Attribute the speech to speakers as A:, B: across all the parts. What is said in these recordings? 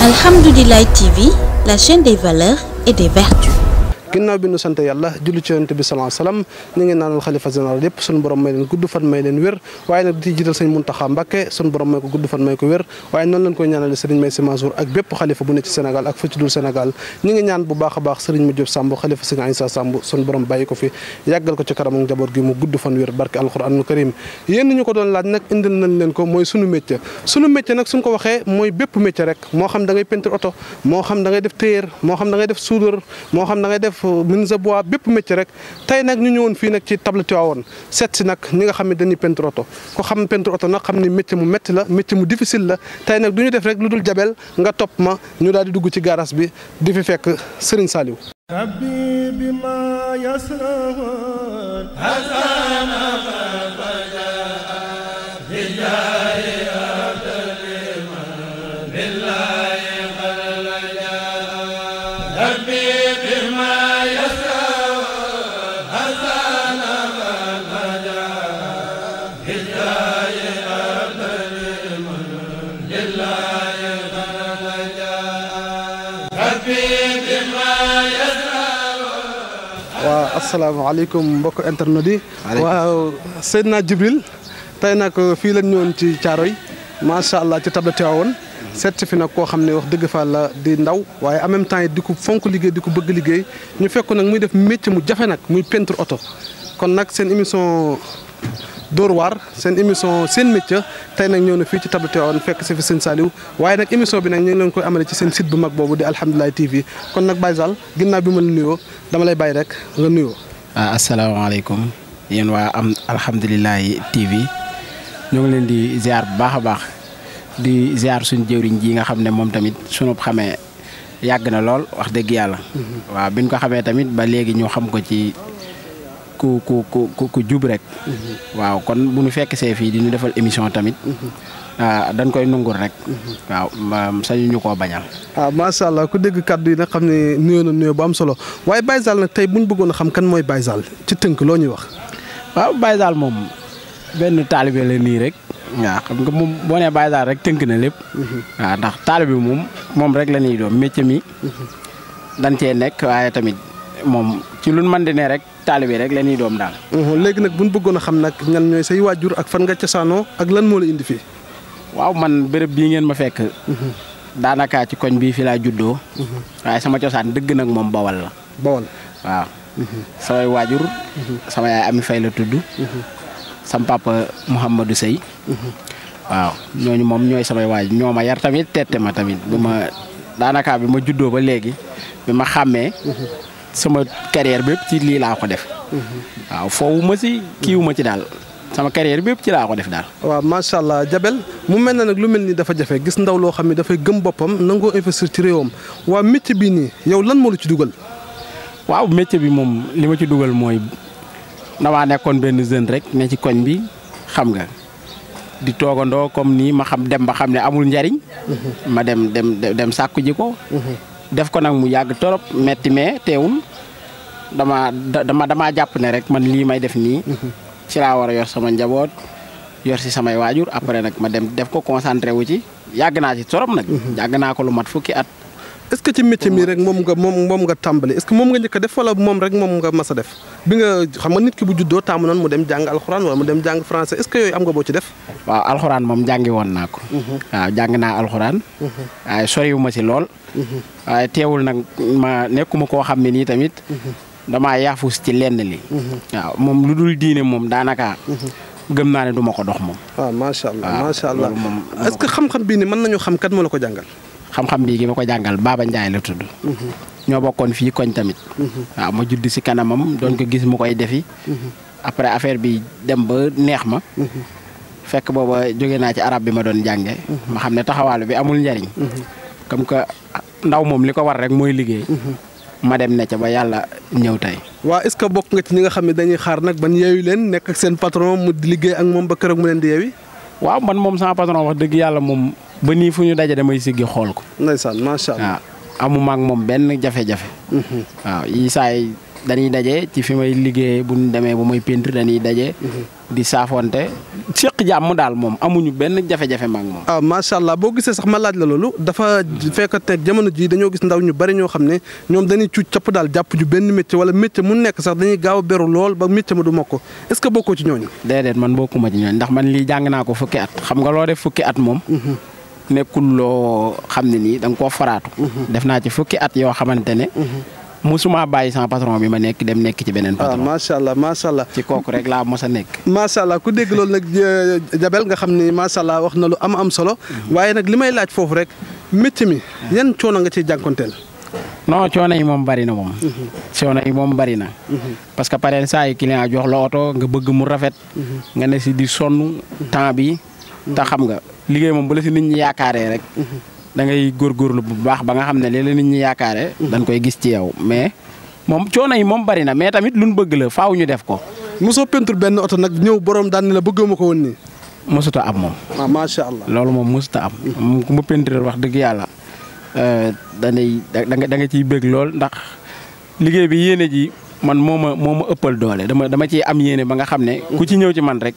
A: Alhamdulillah TV, la chaîne des valeurs et des vertus. ginnaw bi nu sant yàlla julli ci yonte bi sallallahu alayhi wasallam ni ngi naanal khalifa général yëpp sun borom may len gudd fan may len wér waye nak di ci jiital sëñ Muntaxa Mbàkke suñu borom may ko gudd fan may ko wér waaye noonu lañ koy ñaanale sëriñ Maysa Mansour ak bépp xalifa bu ne ci Sénégal ak fu dul Sénégal ñu ngi ñaan bu baax baax sëriñ Madiop Samb xalifa sëriñ Aïssa Samb suñu borom bàyyi fi yàggal ko ci kanamu njaboot gi mu gudd fan wér barke alquranul karim yéen ñu ko doon laaj nag indil nañ leen ko mooy sunu métier sunu métier nag suñ ko waxee mooy bépp métier rek moo xam da ngay peintre oto moo xam da ngay def téer moo xam da ngay def soudeur moo xam da ngay def def menuisier bois bépp métier rek tey nag ñu ñëwoon fii nag ci table woon seet si nag ñi nga xam ne dañuy peintre oto ko xam peintre oto nag xam ne métier mu métti la métier mu difficile la tey nag du ñu def rek lu dul jabel nga topp ma ñu daal di dugg ci garage bi di fi fekk Serigne Saliou rabbi bima yasra aleykum mbokk internet yi. waaw Seydina Jibril tey nag fii lañ ñëwoon ci caaro yi macha allah ci table Tivaouane seet fi nag koo xam ne wax dëgg fa la di ndaw waaye en même temps di ko fonk liggéey di ko bëgg liggéey ñu fekk nag muy def métier mu jafe nag muy peintre oto kon nag seen émission. Dóor waar seen émission seen métier tey nag ñëw na fii ci table Tivaouane fekk si fi sëñ Saliou waaye nag émission bi nag ñu ngi leen koy amale ci seen site bu mag boobu di Alhamdulilah TV kon nag Baye Sall ginnaaw bi ma la nuyoo dama lay bàyyi rek nga nuyoo.
B: waaw ah, asalaamaaleykum yéen waa am Alhamdulilah TV ñoo ngi leen di ziar bu baax a baax di ziar suñu jëwriñ ji nga xam ne moom tamit sunu xamee yàgg na lool wax dëgg yàlla. Mm-hmm. waaw bi ñu ko xamee tamit ku ku ku ku jub rek. Mhm. waaw kon bu ñu fekk see fii di ñu defal émission tamit. Mhm.
A: Ah, dañ koy nungul rek. Mhm. waaw sañu ñu koo bañal. ah macha allah ku dégg kàddu yi nag xam ne nuyoo na nuyoo bu am solo waaye Baye Zale tey bu ñu bëggoon a xam kan mooy Baye Zale ci tënk loo ñuy wax. waaw Baye Zale moom benn taalibe la nii rek. waaw xam nga moom
B: boo nee Baye Zale rek tënk na lépp. waaw ndax taalibe moom moom rek la ñuy doon métier mi. dañ cee nekk waaye tamit moom ci lu mën di ne taalibe rek la ñuy doom daal.
A: Mhm, léegi nag bu ñu bëggoon a xam nag ñan ñooy say waajur ak fan nga cosaanoo ak lan moo la indi fii.
B: waaw man béréb bii ngeen ma fekk. Mhm. daanaka ci koñ bii fi laa juddoo. Mhm. waaye sama cosaan dëgg nag moom bawal la. bawal waaw. samay waajur. sama yaay Ami fay la tudd. sam papa Mouhamadou Sey. waaw ñooñu moom ñooy samay waajur ñoo ma yar tamit tette ma tamit bi ma daanaka bi ma juddoo ba léegi bi ma xàmmee. sama carrière bépp ci lii laa ko def. waaw foowu ma si kiiwu ma ci daal. sama carrière bépp ci laa ko def daal.
A: waaw macha allah Jabel mu mel na nag lu mel ni dafa jafe gis ndaw loo xam ne dafay gëm boppam nangoo investir ci réewam waa métier bi nii yow lan moo lu ci dugal. waaw métier bi
B: moom li ma ci dugal mooy damaa nekkoon benn jeune rek ne ci koñ bi xam nga di toogandoo comme nii ma xam dem ba xam ne amul njariñ mhm. ma dem dem dem sàkku ji ko. Mhm. def ko nag mu yàgg torop metti mais teewul dama dama damaa jàpp ne rek man lii may def nii ci laa war a yor sama njaboot yor si samay waajur après nag ma dem def ko concentré wu ci yàgg naa ci torop nag mhm. yàgg naa ko lu mat fukki at
A: est-ce que ci métier mi rek moom nga moom moom nga tàmbali est-ce que moom nga njëkk a def wala moom rek moom nga mas def bi nga xam nga nit ki bu juddoo taamu noonu mu dem jàng alxuraan wala mu dem jàng français est-ce que yooyu am nga boo ci def waaw alxuraan moom jàngi woon
B: naa ko mhm. waaw jàng naa alxuraan mhm. waaye soriwuma si lol mhm. waaye teewul nag ma nekkuma koo xam ne tamit damaa yaafus ci lenn li waaw moom lu dul diine moom daanaka gëm naa ne du ma ko dox moom
A: ah, waaw macha allah macha allah
B: est-ce que xam-xam bii ni mën nañu xam kat moo la ko jàngal xam-xam bii gi ma jangal baban Baba Ndiaye la tudd. ñoo bokkoon fii koñ tamit. waaw ma judd si kanamam don ko gis mu koy defi. après affaire bi dem ba neex ma. fekk booba jóge na ci arab bi ma don jànge ma xam ne bi amul jaring. comme que ndaw moom li ko war rek mooy liggéey. ma dem ne ca ba yàlla ñëw tey.
A: waaw est-ce que bokk nga ci ñi nga dañuy xaar nag ban yeewu leen nekk ak seen patron mu liggéey ak moom ba keroog mu leen di yeewi. waaw man moom sama patron
B: wax ba nii fu ñu daje damay siggi xool ko.
A: ndeysaan macha allah waaw
B: amuma moom benn jafe-jafe. Mhm. waaw yi saay dañuy daje ci fi may liggéeyee bu ñu demee bu may peintre dañuy daje. Mhm. di saafonte séq jàmm daal moom amuñu benn jafe-jafe
A: maag moom. waaw ah, macha allah boo gisee sax ma laaj la loolu dafa fekk teg jamono ji dañoo gis ndaw ñu bari ñoo xam ne ñoom dañuy cuuc capp daal jàpp ñu benn métier wala métier mu nekk sax dañuy gaaw a beru lool ba métier ma du mokk est ce que bokkoo ci ñooñu.
B: déedéet man bokkuma ci ndax man lii jàng naa ko fukki at xam nga loo def at moom. Mhm. Nekul lo xamni ni dang ko faratu koo mhm. def na ci fukki at yo xamantene mhm. musuma baye sama patron bi ma nek dem nek ci benen ah,
A: patron. ma sha allah sha allah
B: ci kooku rek la mos nek
A: ma sha allah ku deg lol nak Jabel nga xamni ni sha allah wax lu am am solo. Mhm. waye nag limay may laaj foofu rek metti mi yan coono nga ci jankontel
B: non coono yi mom bari na mom coono yi mom bari na. parce que pareen saa yi client jox la auto nga bëgg mu rafet. nga ne ci di sonu temps bi. ta xam nga. liggéey moom bu la si nit ñi yaakaaree rek. Mhm. da ngay góorgóorlu bu baax ba nga xam ne li la nit ñi yaakaare mhm. dañ koy gis ci yow mais moom coono yi moom bari na mais tamit luñ bëgg la faaw ñu def ko.
A: mosoo peinture benn oto nag ñëw borom daan ne la bëgguma ko woon nii. mosuta moom. Ah, macha allah
B: loolu moom mosuta am. Mhm. moom ku wax dëgg yàlla euh, danay da nga da nga ciy bëgg lool ndax liggéey bi yéene ji man moo ma moo ma ëppal doole dama dama ciy am yéene ba nga xam ne. ku ci ñëw ci man rek.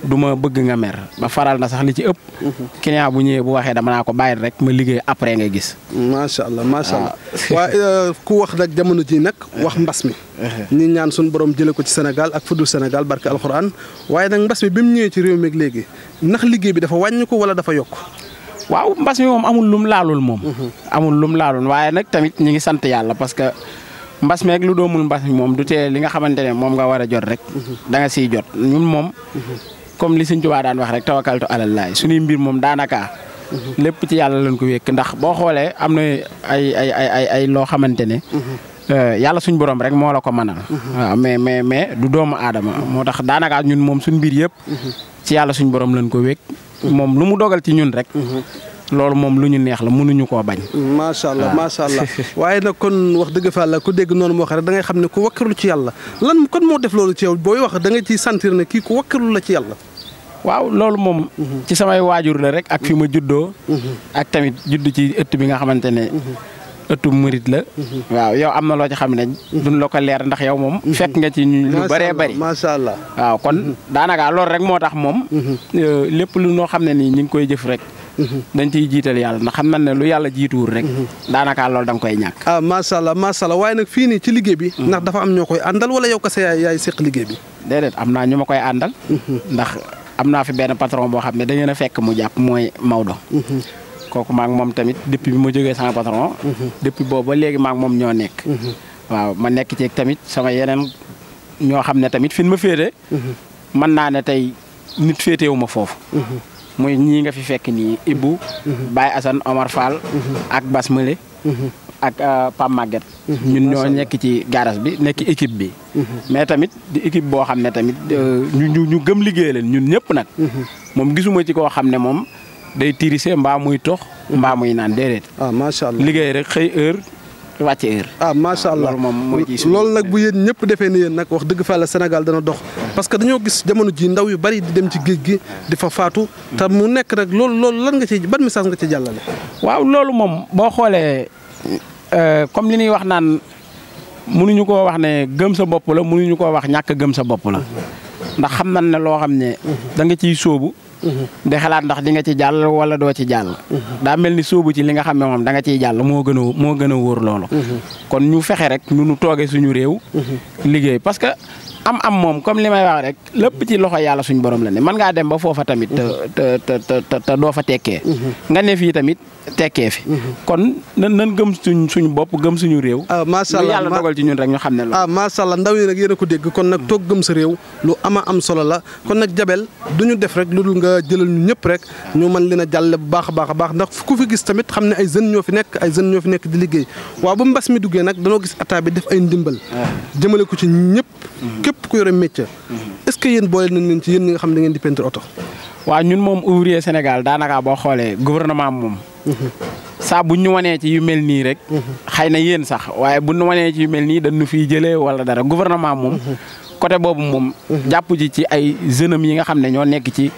B: duma bëgg nga mer ba faral na sax li ci ëpp. client bu ñëwee bu waxee dama na ko bayil rek ma liggéey après nga gis. macha allah macha allah
A: ah. euh, ku wax nag jamono ji nak wax mbass mi. ñi eh. ñaan suñu borom jël ko ci Sénégal ak fuddu Sénégal barké alxuraan waye nak mbass mi bim mu ci réew meeg légui nak liggéey bi dafa wañ ko wala dafa yok waaw mbass mi mom amul lum laalul mom mhm. amul lum laalul waye nak tamit
B: ñi ngi sante yalla parce que. mbas meeg lu doomul mbass mi mom du té li nga xamantene mom nga wara jot rek. Mhm. da nga ci jot ñun comme li suñ Tuubaa daan wax rek tawakaltu alal laay suñuy mbir moom daanaka. Mhm. lépp ci yàlla lañ ko wékk ndax boo xoolee am na ay ay ay ay ay loo xamante ne. Mhm. Euh, yàlla suñ borom rek moo la ko mënal. Mhm. waaw mais mais mais du doomu aadama. moo tax daanaka ñun moom suñ mbir yëpp. ci yàlla suñ borom lañ ko wékk. moom lu mu dogal ci ñun rek. loolu moom lu ñu neex la mënuñu koo bañ.
A: macha allah macha allah waaye nag kon wax dëgg fa la dégg noonu moo xam rek da ngay xam ne ku wakkarlu ci yàlla lan kon moo def loolu ci yow booy wax da nga ciy sentir ne kii ku wakkarlu la ci yàlla. waaw
B: loolu moom. Mhm. ci samay waajur la rek ak fi ma mhm. juddoo. Mhm. ak tamit judd ci ëtt bi nga xamante ne. ëttu murit la. waaw yow am na loo ci xam ne. duñ la ko leer ndax yow moom. fekk nga ci ñu lu bëree bëri. macha allah waaw kon daanaka loolu rek moo tax moom. Euh, lépp lu noo xam ne nii ñu ngi koy jëf rek. dañ ciy jiital yàlla ndax xam nañ ne lu yàlla jiituwul rek. daanaka loolu da nga koy ñàkk.
A: ah macha allah macha allah waaye nag fii nii ci liggéey bi. ndax dafa am ñoo koy àndal wala yow kese yaay yaay seq liggéey bi.
B: déedéet am naa ñu ma koy àndal. ndax. am naa fi benn patron boo xam ne da ngeen a fekk mu jàpp mooy Maodo. Mhm. kooku maak moom tamit depuis bi ma jógee sama patron. Mhm. depuis boobu ba léegi maak moom ñoo nekk. Mhm. waaw ma nekk ci tamit sama yeneen ñoo xam ne tamit fi ma féete. mën naa ne tey nit féetewu ma foofu. muy ñii nga fi fekk nii Ibou. Baye Assane Omar Fall. ak Bas Mële. ak euh, Pam Maguette. ñun ñoo nekk ci garage bi nekk équipe bi. mais tamit di équipe boo xam ne tamit euh, ñu ñu gëm liggéey leen ñun ñëpp nag. moom gisuma ci koo xam ne moom day tirise mbaa muy tox mbaa muy naan déedéet. Ah, macha allah liggéey rek xëy heure.
A: wàcce heure ah macha allah loolu nag bu yéen ñëpp defee ni yéen nag wax dëgg fa la Sénégal dana dox parce que dañoo gis jamono ji ndaw yu bari di dem ci géej gi di fa faatu te mu nekk rek loolu loolu lan nga ci ban message nga ci jàllale waaw loolu Euh,
B: comme li ñuy wax naan mënuñu koo wax ne gëm sa bopp la mënuñu koo wax ñàkk gëm sa bopp la ndax xam nañ ne loo xam ne danga ciy sóobu di xalaat ndax di nga ci jàll wala doo ci jàll daa mel ni sóobu ci li nga xam ne moom danga nga ciy jàll moo gën a moo gën a wóor loolu mhm. kon ñu fexe rek ñu nu tooge suñu réew mhm. liggéey am-am moom comme li may wax rek lépp ci loxo yàlla suñ borom la ne mën ngaa dem ba foofa tamit. te doo fa tekkee. Mhm. nga ne fii tamit tekkee fi. Mhm. kon nan nan gëm suñ suñu bopp
A: gëm suñu réew. ah macha allah yàlla dogal ci ñun rek ñu xam ne loolu. ah macha allah ndaw yi nag yéen ko dégg kon nag toog gëm sa réew lu ama am solo la kon nag jabel du ñu def rek lu dul nga jëlal ñu ñëpp rek ñu mën leen a jàll bu baax a baax baax ndax ku fi gis tamit xam ne ay jeunes ñoo fi nekk ay jeunes ñoo fi di liggéey waaw ba mbas mi duggee nag danoo gis état bi def ay ndimbal ah. jëmale ko ci ñëpp mhm. képp ku yore métier. Mhm. est-ce que yéen boole nañ leen ci yéen ñi nga xam ne ngeen di peintre oto. waaw ñun moom ouvrier Sénégal
B: daanaka boo xoolee gouvernement moom. Mhm. saa bu ñu wanee ci yu mel nii rek. Mhm. xëy na yéen sax waaye bu ñu wanee ci yu mel nii dañu fii jëlee wala dara gouvernement moom. côté boobu moom. jàpp ji ci ay jeunes yi nga xam ne ñoo nekk ci.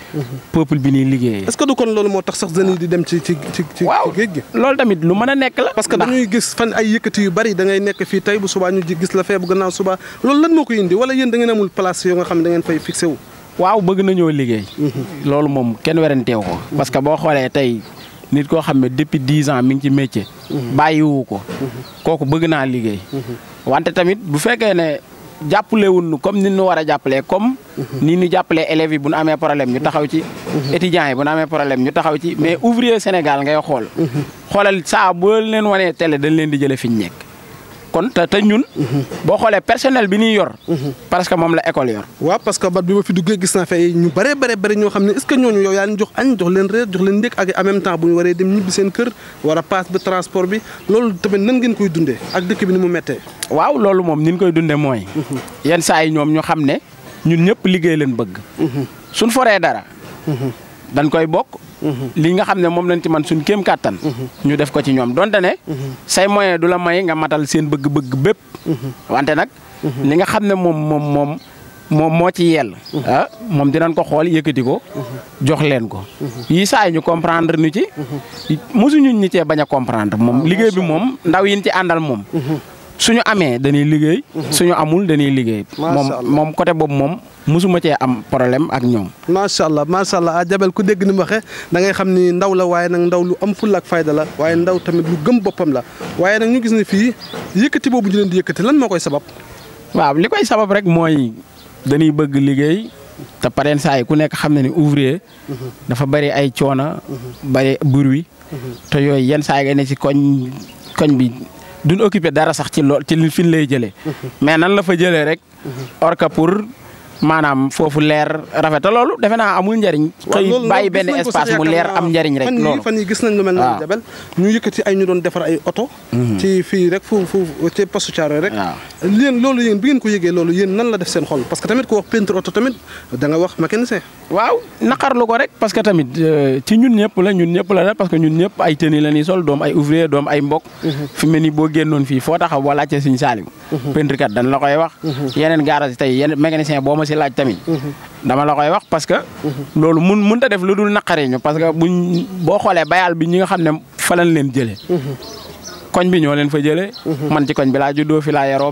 B: peuple bi ñuy liggéeyee.
C: est du kon loolu
A: moo tax sax jeunes yi di dem ci ci ci ci géej gi. loolu tamit lu a nekk la. parce que dañuy gis fan ay yëkkati yu bari da ngay nekk fii loolu lan moo ko indi wala mhm.
B: moom kenn weranteew ko. Mhm. parce que boo xoolee tey nit koo xam ne depuis dix ans mi ngi ci métier. Mhm. bàyyiwu ko. kooku bëgg naa liggéey. wante tamit bu fekkee ne jàppale wuñu comme ni nu war a jàppalee comme. Mhm. ni ñu jàppalee élèves yi bu ñu amee problème ñu taxaw ci. Mhm. étudiants yi bu ñu amee problème ñu taxaw ci mais ouvrier Sénégal ngay xool. Mhm. xoolal saa boo leen wanee tele dañ leen di jëlee fi ñu kon te te ñun. boo xoolee personnel bi ñuy yor. parce que moom la école yor.
A: waaw parce que bat bi ma fi duggee gis naa fay ñu bare bare bare ñoo xam ne est ce que ñooñu yow yaa leen jox añ jox leen reer jox leen ndékk ak en même temps bu ñu waree dem ñibbi seen kër war a paas bi transport bi loolu tamit nan koy dunde ak dëkk bi ni mu méttee. waaw loolu moom ni ñu koy dundee mooy.
B: yenn saa yi ñoom ñu xam ne ñun ñëpp liggéey leen bëgg. Mhm. suñ foree dara. Mhm. dañ koy bok mhm. li nga xamne mom lañ ci man suñu kem katan mhm. ñu def ko ci ñom donte ne. Mhm. say moyen dula may nga matal seen bëgg-bëgg bëpp wante nak li nga xamne mom mom mom mom mo ci yel ah mom dinañ ko xol yëkëti ko. jox leen ko. yi say ñu comprendre ñu ci. mosuñu ñu ñi ci baña comprendre mom ah, liggéey bi mom ndaw yi ci andal mom su ñu amee dañuy liggéey. Mhm. suñu amul dañuy liggéey. moom moom côté boobu moom mosuma cee am problème ak ñoom.
A: macha allah macha allah ah Jabel ku dégg ni ma waxee da ngay xam ni ndaw la waaye nag ndaw lu am fulla ak fayda la waaye ndaw tamit lu gëm boppam la waaye nag ñu gis ne fii yëkkati boobu ñu leen di yëkkati lan moo koy sabab. waaw li koy sabab rek mooy dañuy
B: bëgg liggéey. te pareen saa yi ku nekk xam na ni ouvrier. Mhm. dafa bari ay coona mhm. bari bruit. te yooyu yenn saa yi ne ci koñ koñ bi duñ occupé dara sax ci lool ci fin lay jëlee mm-hmm. mais nan la fa jëlee rek mm-hmm. orka pour manam fofu leer rafet lolu defena amul njariñ kay bàyyi ben espace mu leer am
A: njariñ rek lolu fan yi gis nañ lu mel noonu jabel ñu yëkëti ay ñu doon défar ay auto mhm. ci fi rek fu fu ci passu charo rek leen lolu yeen bi ngeen ko yëgé lolu yeen nan la def seen xol parce que tamit ko wax peinture auto tamit da nga wax mécanicien waaw nakar lu ko rek parce que tamit euh, ci ñun
B: ñëpp la ñun ñëpp la parce que ñun ñëpp ay tëni la ni sol doom ay ouvrier doom ay mbokk mhm. fi melni bo boo fi fo taxaw wala ci seigne salim mhm. peinture kat dañ la koy wax yeneen garage tay yeneen mécanicien bo ma si laaj tamit. Mm-hmm. dama la koy wax parce que. Mm-hmm. loolu mun mënut a def lu dul naqari ñu parce que buñ boo xoolee bayaal bi ñi nga xam ne fa lañ leen jëlee. Mm-hmm. koñ bi ñoo leen fa jëlee. man ci koñ bi laa juddoo fi laa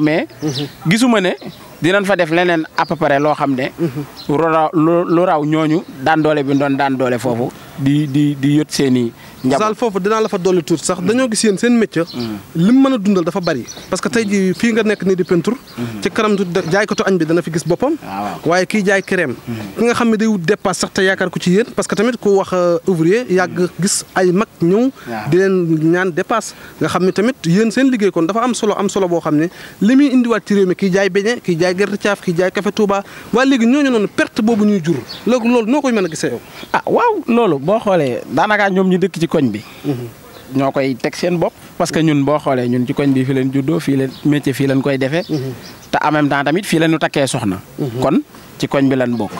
B: gisuma ne dinañ fa def leneen à peu loo xam ne. lu raw lu raw ñooñu daan doole bi doon daan doole foofu di di
A: di sal foofu dinaa la fa dolli tuuti sax dañoo gis yéen seen métier mm. lim mën a dundal dafa bari parce que tey ji fii nga nekk nii di peinture mm. ci kanam jaaykatu añ bi dana fi gis boppam ah, waaye kii jaay crème mm. ki nga xam ne day wut dépasse sax te yaakaar ko ci yéen parce que tamit ku wax euh, ouvrier yàgg gis ay mag ñëw di leen ñaan dépasse nga xam ne tamit yéen seen liggéey kon dafa am solo am solo boo xam ne li muy indiwaat ci réew mi kii jaay beñe kii jaay gerte caaf kii jaay café Touba waaye léegi perte boobu ñuy jur loolu noo koy mën a gisee yow ah waaw boo xoolee
B: daanaka ñoom ñu dëkk ci koñ bi. ñoo koy teg seen bopp parce que ñun boo xoolee ñun ci koñ bi fi leen juddoo fii leen leen koy defee. te en tamit fii leen takkee soxna. kon
A: ci koñ bi lan bokk.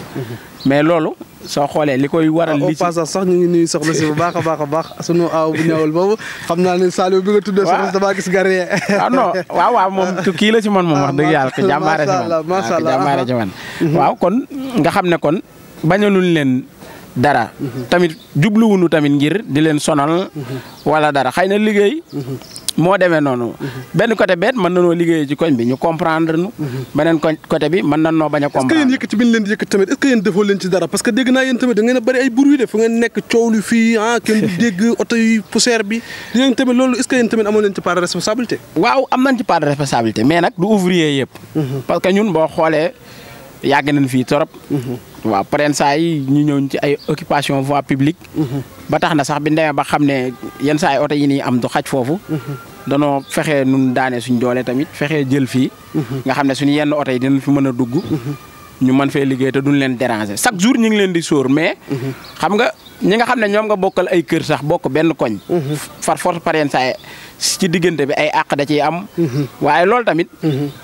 A: mais loolu soo xoolee li koy waral. li ci au passage sax ñu ngi nuyu soxna si bu baax a baax a baax sunu aaw bu ñëwul boobu xam naa ne Saliou bi nga tuddee. waaw soxna si damaa gis gare ah non waaw waaw moom kii
B: la ah, ah, uh-huh. kon nga xam ne kon bañaluñ leen. dara tamit jubluwunu tamit ngir di leen sonal wala dara xëy na liggéey moo demee noonu benn côté beet mën na noo liggéey ci koñ bi ñu comprendre nu beneen côté bi mën na noo bañ a comprendre
A: est-ce que yéen yëkkati bi ñu leen di yëkkati tamit est defoo leen ci dara parce que dégg naa yéen tamit ngeen a ay bruit de fu ngeen nekk coow lu fii ah, kenn dégg oto yi poussière bi yéen tamit loolu est-ce que yéen tamit amoo leen ci part de responsabilité
B: waaw am nañ ci part de responsabilité mhm. que ñun boo xoolee yàgg nañ fii torop mhm. waaw paren saa ñu ñëw ci ay occupation voie publique. Mhm. ba tax na sax bi demee ba xam ne yenn saa yi oto yi nii am du xaj foofu. Mhm. danoo fexe nun daane suñ doole tamit fexe jël fii. Mhm. nga xam ne suñu yenn oto yi dinañ fi mën a dugg. ñu mën fee liggéey te duñ leen déranger chaque jour ñu ngi leen di sóor mais. xam nga ñi nga xam ne ñoom nga bokkal ay kër sax bokk benn koñ. far force par yenn ci diggante bi ay àq da ciy am. waaye loolu tamit.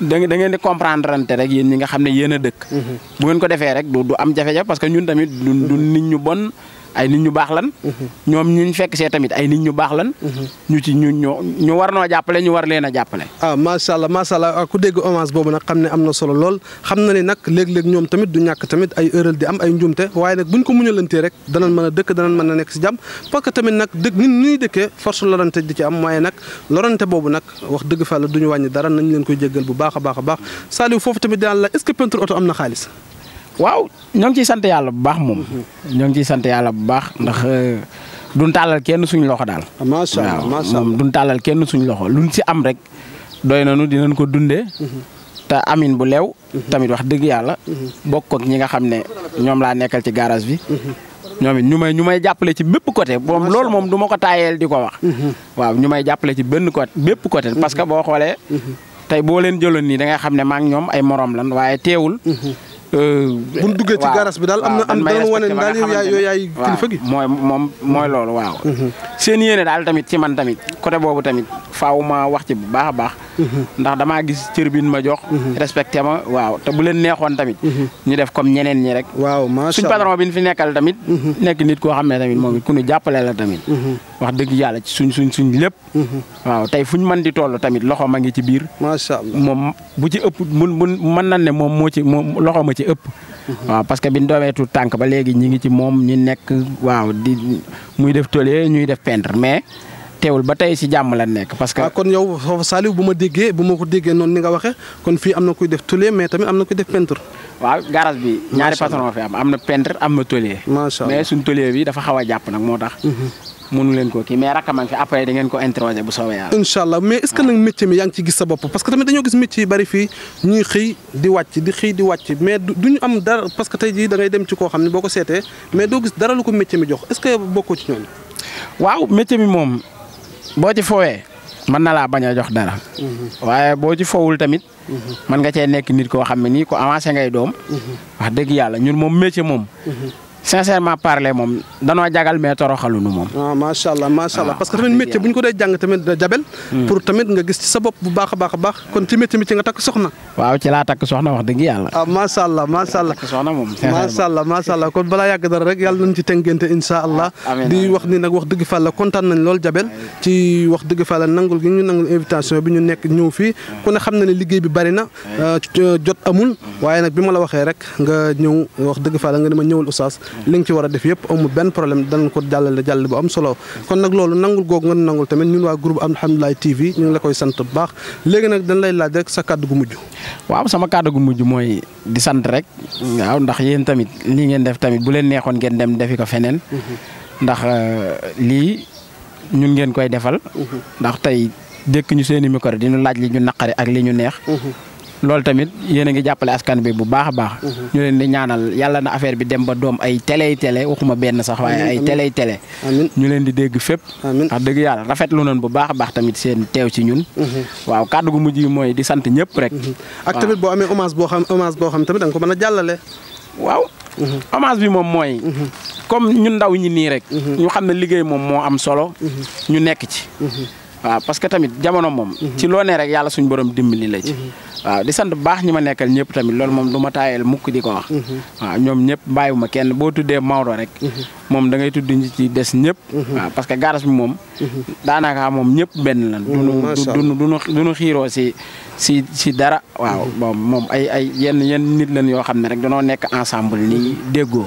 B: da da ngeen di comprendre rante rek yéen ñi nga xam ne yéen a dëkk. Mhm. bu ngeen ko defee rek du am jafe-jafe parce que ñun tamit du nit ñu bon. ay nit ñu baax lan. Mhm. ñoom ñu fekk see tamit ay nit ñu baax lan. Mhm. ñu ci ñu ñoo ñu war na jàppale ñu war leen a
A: jàppale. ah macha allah macha allah ah, ku dégg hommage boobu nag xam ne am na solo lool xam na ne nag léeg-léeg ñoom tamit du ñàkk tamit ay erreur am ay njuumte waaye nag buñ ko muñalantee rek danañ mën a dëkk danañ mën a nekk si jàmm parce que tamit nag dëgg nit ñuy dëkkee force lorante di ci am waaye nag lorante boobu nag wax dëgg fa la du wàññi dara nañ leen koy jéggal bu baax a baax a baax Saliou foofu tamit daan la est am na waaw
B: ñoo ngi ciy sant yàlla bu baax moom. ñoo ngi ciy sant yàlla bu baax ndax euh, duñ tàllal kenn suñu loxo daal. macha allah macha tàllal kenn suñu loxo luñ ci am rek doy nañu dinañ ko dundee. Mhm. te amin bu leew. Mhm. tamit wax dëgg yàlla. Mhm. bokk ak ñi nga xam ne ñoom laa nekkal ci garage bi. ñoom it ñu may ñu may jàppale ci bépp côté moom loolu moom du ma ko taayeel di ko wax. waaw ñu may jàppale ci benn côté bépp côté parce que boo xoolee. tey boo leen jëloon nii da nga xam ne maak ñoom ay morom lan waaye teewul.
C: Euh, bu ñu duggee ci garage bi daal am na am dañu wane daal yow yaay kilifa
B: gi. mooy moom mooy loolu waaw. Mhm. seen yéene daal tamit ci man tamit côté boobu tamit faaw wax ci bu baax a baax. Mhm. ndax damaa gis cër bi ma jox. Mhm. respecté ma waaw te bu leen neexoon tamit. ñu def comme ñeneen ñi rek.
A: waaw macha
B: allah suñ patron bi fi nekkal tamit. nekk nit koo xam ne tamit moom it ku ñu jàppale la tamit. wax dëgg yàlla ci suñ suñ suñ lépp. waaw tey fuñ mën di toll tamit loxo
A: ma ngi ci biir. macha
B: allah moom bu ci ëpp. waaw parce que biñ doomee tuut tànk ba léegi ñi ngi ci moom ñu nekk waaw di muy
A: def tôlier ñuy def peintre mais teewul ba tey si jàmm la nekk parce que. Ah, kon yow foofu Saliou bu ma déggee bu ma ko déggee noonu ni nga waxee kon fii am na kuy def tôlier mais tamit am na kuy def peintre. waaw
B: garage bi ñaari patron fi am am na peintre am ma na tôlier. mais suñ tôlier bi dafa xaw a jàpp nag moo tax. Mhm. mënu leen koo kii mais rakkaman fi après da ngeen ko interroger bu soobee yàlla.
A: incha allah mais est nag métier mi yaa ngi ci gis sa bopp parce que tamit dañoo gis métier yi bari fii ñuy xëy di wàcc di xëy di wàcc mais du ñu am dara parce que tey jii da ngay dem ci koo xam ne boo ko seetee mais doo gis dara lu ko métier mi jox est bokkoo ci ñooñu. waaw métier mi moom
B: boo ci foowee mën na laa bañ a jox dara. Mm-hmm. waaye boo ci foowul tamit. Mm-hmm. mën nga cee nekk nit koo xam ne ko avancé ngay doom. Mm-hmm. wax dëgg yàlla ñun moom sincèrement parler moom danoo jagal mais toroxalu nu
A: moom. Ah, macha allah macha allah ah, parce que tamit métier bu ñu ko dee jàng tamit da hmm. pour tamit nga gis ci sa bopp bu baax a baax a baax kon ci métier mi ci nga takk soxna.
B: waaw ci laa takk soxna wax dëgg yàlla.
A: ah macha moom. macha allah macha allah kon balaa yàgg dara rek yàlla nañ ci tënkante incha allah. Ah, di wax ni nag wax dëgg fa la kontaan nañ lool jabel. ci wax dëgg fa la nangul gi nangul invitation bi ñu nekk ñëw fii ku ne xam na ne liggéey bi bari na hmm. jot amul hmm. waaye nag bi ma la waxee rek nga ñëw wax dëgg fa la nga dama ñëwul oustaz li nga ci war a def yëpp amul benn problème danañ ko jàllale jàll bu am solo kon nag loolu nangul googu nga tamit ñun la koy sant bu baax léegi nag dañ lay laaj rek sa kàddu gu mujj
B: waaw sama kàddu gu mujj mooy di sant rek waaw ndax yéen tamit lii ngeen def tamit bu leen neexoon ngeen dem defi ko feneen ndax euh, lii ñun ngeen koy defal mhm. ndax tey dëkk ñu seeni micro di ñu laaj li ñu naqari ak li ñu neex mhm. lool tamit yéen a ngi jàppale askan bi bu baax baax. Mhm. ñu leen di ñaanal yàlla na affaire bi dem ba doom ay télé télé waxuma benn sax waaye ay télé télé. ñu leen di dégg fépp. amiin wax dëgg yàlla rafetlu nañ bu baax baax tamit seen teew ci ñun. Mhm. waaw kàddu gu mujj mooy di sant ñëpp rek. Mhm.
A: ak tamit boo amee hommage boo xam boo xam tamit da nga ko mën a jàllale. waaw. hommage bi moom mooy. comme ñun ndaw ñi nii rek. ñu xam ne
B: liggéey moom moo am solo. ñu nekk ci. waaw parce que tamit jamono moom. Mhm. ci loo ne rek yàlla suñu borom dimbali la ci. Mhm. waaw di sant bu baax ñi ma nekkal ñëpp tamit loolu moom du ma taayal mukk di ko wax. Mhm. waaw ñoom ñëpp bàyyiwuma kenn boo tuddee Maodo rek. moom da ngay tudd ñi ci des ñëpp. Mhm. waaw parce que garas bi moom. Mhm. daanaka moom ñëpp benn la. macha du du xiiroo si si si dara. waaw mhm. moom ay ay yenn yenn nit lañ yoo xam ne rek danoo nekk ensemble nii déggoo.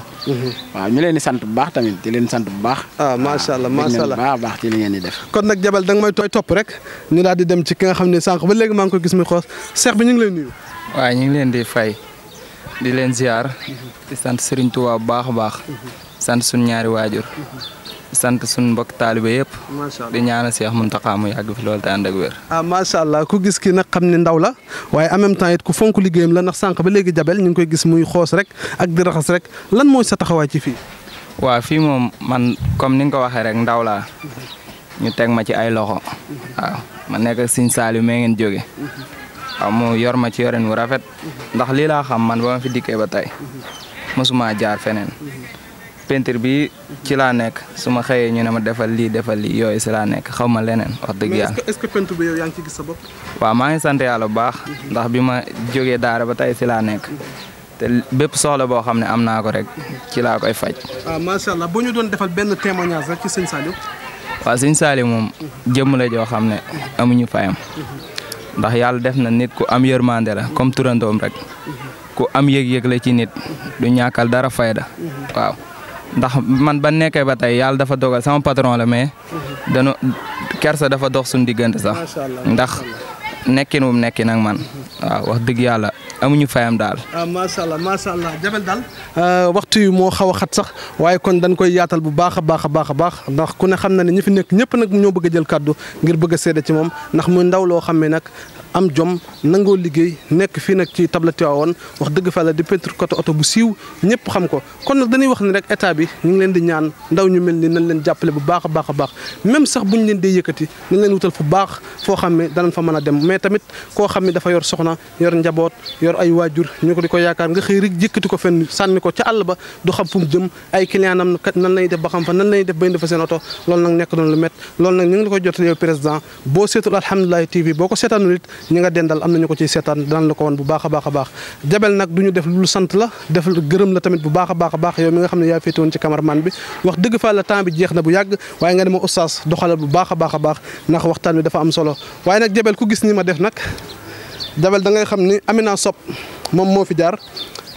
B: waaw ñu leen di sant bu baax tamit di leen sant bu baax. ah macha
D: allah macha allah baax baax ci li ngeen di def.
A: kon nag Jabel danga may tooy topp rek ñu di dem ci ki nga xam ne sànq
D: ba léegi maa ngi ko gis muy xoos seex bi ñu ngi lay nuyu. waaw ñu ngi leen di fay di leen ziar. di sant Serigne Touba bu baax a baax. sant suñ ñaari waajur sant suñ mbokk taalibe yëpp di ñaanal Seex Muntaxa mu yàgg fi loolu te ànd ak wér
A: ah allah ku gis ki nag xam ne ndaw la waaye en même temps it ku fonk liggéeyam la ndax sànq ba léegi jabel ñu ngi koy gis muy xoos rek ak di raxas rek lan mooy sa taxawaay ci fii
D: waaw fii moom man comme ni nga ko waxee rek ndaw laa ñu teg ma ci ay loxo waaw ma nekk Sëñ Saaliw mee ngeen jóge waaw mu yor ma ci yoren wu rafet ndax lii laa xam man ba ma fi dikkee ba tey mosumaa jaar feneen peinture bi ci laa nekk su ma xëyee ñu ne ma defal lii defal li yooyu si laa nekk xaw ma leneen wax dëgg yàlla. mais est-ce
A: que peinture bi yow sa bopp.
D: waaw maa ngi sant yàlla bu baax. ndax bi ma jógee daara ba tey si laa nekk. te bépp soxla boo xam ne am naa ko rek ci laa koy faj.
A: waaw ah, macha allah boo ñu doon defal benn témoignage rek ci sëñ Saliou.
D: waaw sëñ Saliou moom jëmm la joo xam ne amuñu fayam. ndax yàlla def na nit ku am yërmande la comme turandoom rek. ku am yëg-yëg la ci nit du ñàkkal dara fayda waaw. ndax man ba nekkee ba tey yàlla dafa dogal sama patron la mais dano kersa dafa dox suñu diggante sax ndax nekkin wum nekkin ak man waaw wax dëgg yàlla amuñu fayam daal.
A: ah macha allah macha allah euh, waxtu yi moo xaw a xat sax waaye kon dañ koy yaatal bu baax a baax a baax a baax ndax ku ne xam na ne ñi fi nekk ñëpp nag ñoo bëgg jël kàddu ngir bëgg a seede ci moom ndax muy ndaw loo xam ne nag am jom nangoo liggéey nekk fii nag ci tabla Tivaouane wax dëgg fa la di peintre côté oto bu siiw ñëpp xam ko kon nag dañuy wax ni rek état bi ñu ngi leen di ñaan ndaw ñu mel ni nañ leen jàppale bu baax baax a baax même sax bu ñu leen dee yëkkati nañ leen wutal fu baax foo xam ne dana fa mën a dem mais tamit koo xam ne dafa yor soxna yor njaboot yor ay waajur ñu ko di ko yaakaar nga xëy rek yëkkati ko fenn sànni ko ca àll ba du xam fu mu jëm ay client ba xam fa nan lay def bay fa loolu nag nekk doon lu met loolu nag ñu ngi la koy jotal yow président boo seetul boo ko seetaanul it ñi nga dendal am nañu ko ci seetaan daan la ko woon bu baax a baax a baax jabel nag du ñu def lu sant la def gërëm la tamit bu baax a baax a baax yow mi nga xam ne yaa féetewoon ci cameraman bi wax dëgg fa la temps bi jeex na bu waaye nga ne ma oustaz doxalal bu baax a baax a baax ndax waxtaan am solo waaye nag jabel ku gis ni ma def nag jabel da ngay xam ni Amina Sob moom moo fi jaar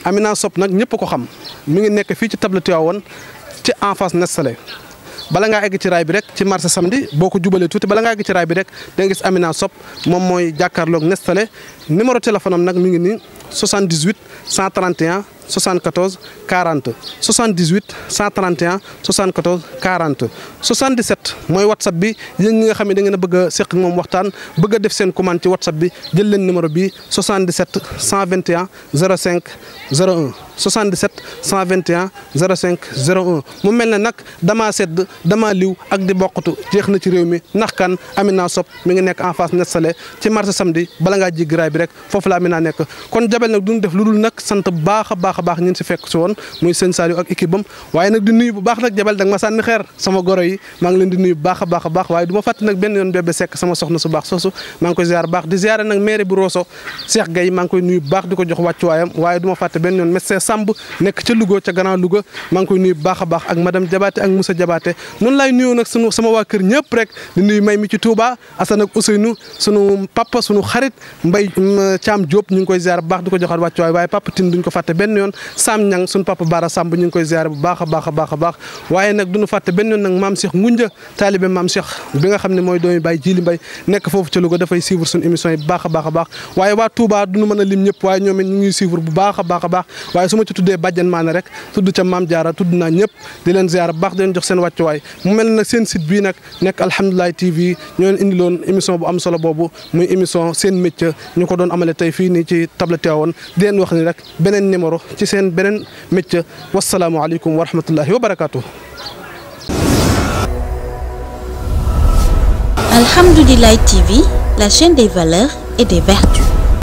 A: Amina Sob nag ñëpp ko xam mu ngi nekk fii ci table Tivaouane ci en face Nestlé bala ngaa egg ci raay bi rek ci marché samedi boo ko jubalee tuuti bala ngaa egg ci raay bi rek da nga gis Amina Sop moom mooy jàkkaarloog Nestlé numéro téléphone am nag mi ngi nii 78 131. 74 40 78 131 74 40 77 mooy WhatsApp bi yéen ñi nga xam ne da ngeen a bëgg a seq moom waxtaan bëgg a def seen commande ci WhatsApp bi jël leen numéro bi 77 121 05 01 77 121 05 01 mu mel ne nag damaa sedd damaa liw ak di bokkatu jeex na ci réew mi ndax kan Amina Sop mi ngi nekk en face Nestlé ci marché samedi bala ngaa ji graay bi rek foofu la Amina nekk kon jabel nag duñu def lu nag sant bu baax a baax ñun si fekk si woon muy sëñ Saliou ak équipe bam waaye nag di nuyu bu baax nag jabal da nga ma sànni a a a Jabaate ak Moussa Jabaate noonu laay nuyoo nag sunu sama ñëpp rek di nuyu may mi ci Touba Assane ak Ousseynou sunu papa sunu xarit Mbaye mm, Thiam Diop ñu koy ziar baax di ko joxaat wàccuwaay waaye papa tin duñ ko fàtte benn yoon Sam Ñang suñ papa Bara Samb ñu ngi koy ziare bu baax a baax a baax baax waaye nag duñu fàtte benn yoon nag maam Cheikh Ngunja nga xam ne mooy doomi Baay Jili Mbay nekk foofu ca Louga dafay suivre suñ émission yi bu a a baax waaye waa Touba a lim ñëpp waaye ñoom it ñu ngi suivre bu baax a baax a baax ma ci tuddee bàjjan maane rek tudd ca maam Jaara tudd naa ñëpp di leen ziare bu baax di leen jox seen wàccuwaay mu mel nag seen site bii nag nekk Alhamdoulilah TV ñoo leen loon émission bu am solo boobu muy émission seen métier ñu ko doon amale tey fii nii ci table teewoon di leen wax ni rek beneen numéro ci seen beneen métier wasalaamualeykum wa rahmatullahi wa barakaatu.
C: Alhamdoulilah TV, la chaîne des valeurs et des vertus.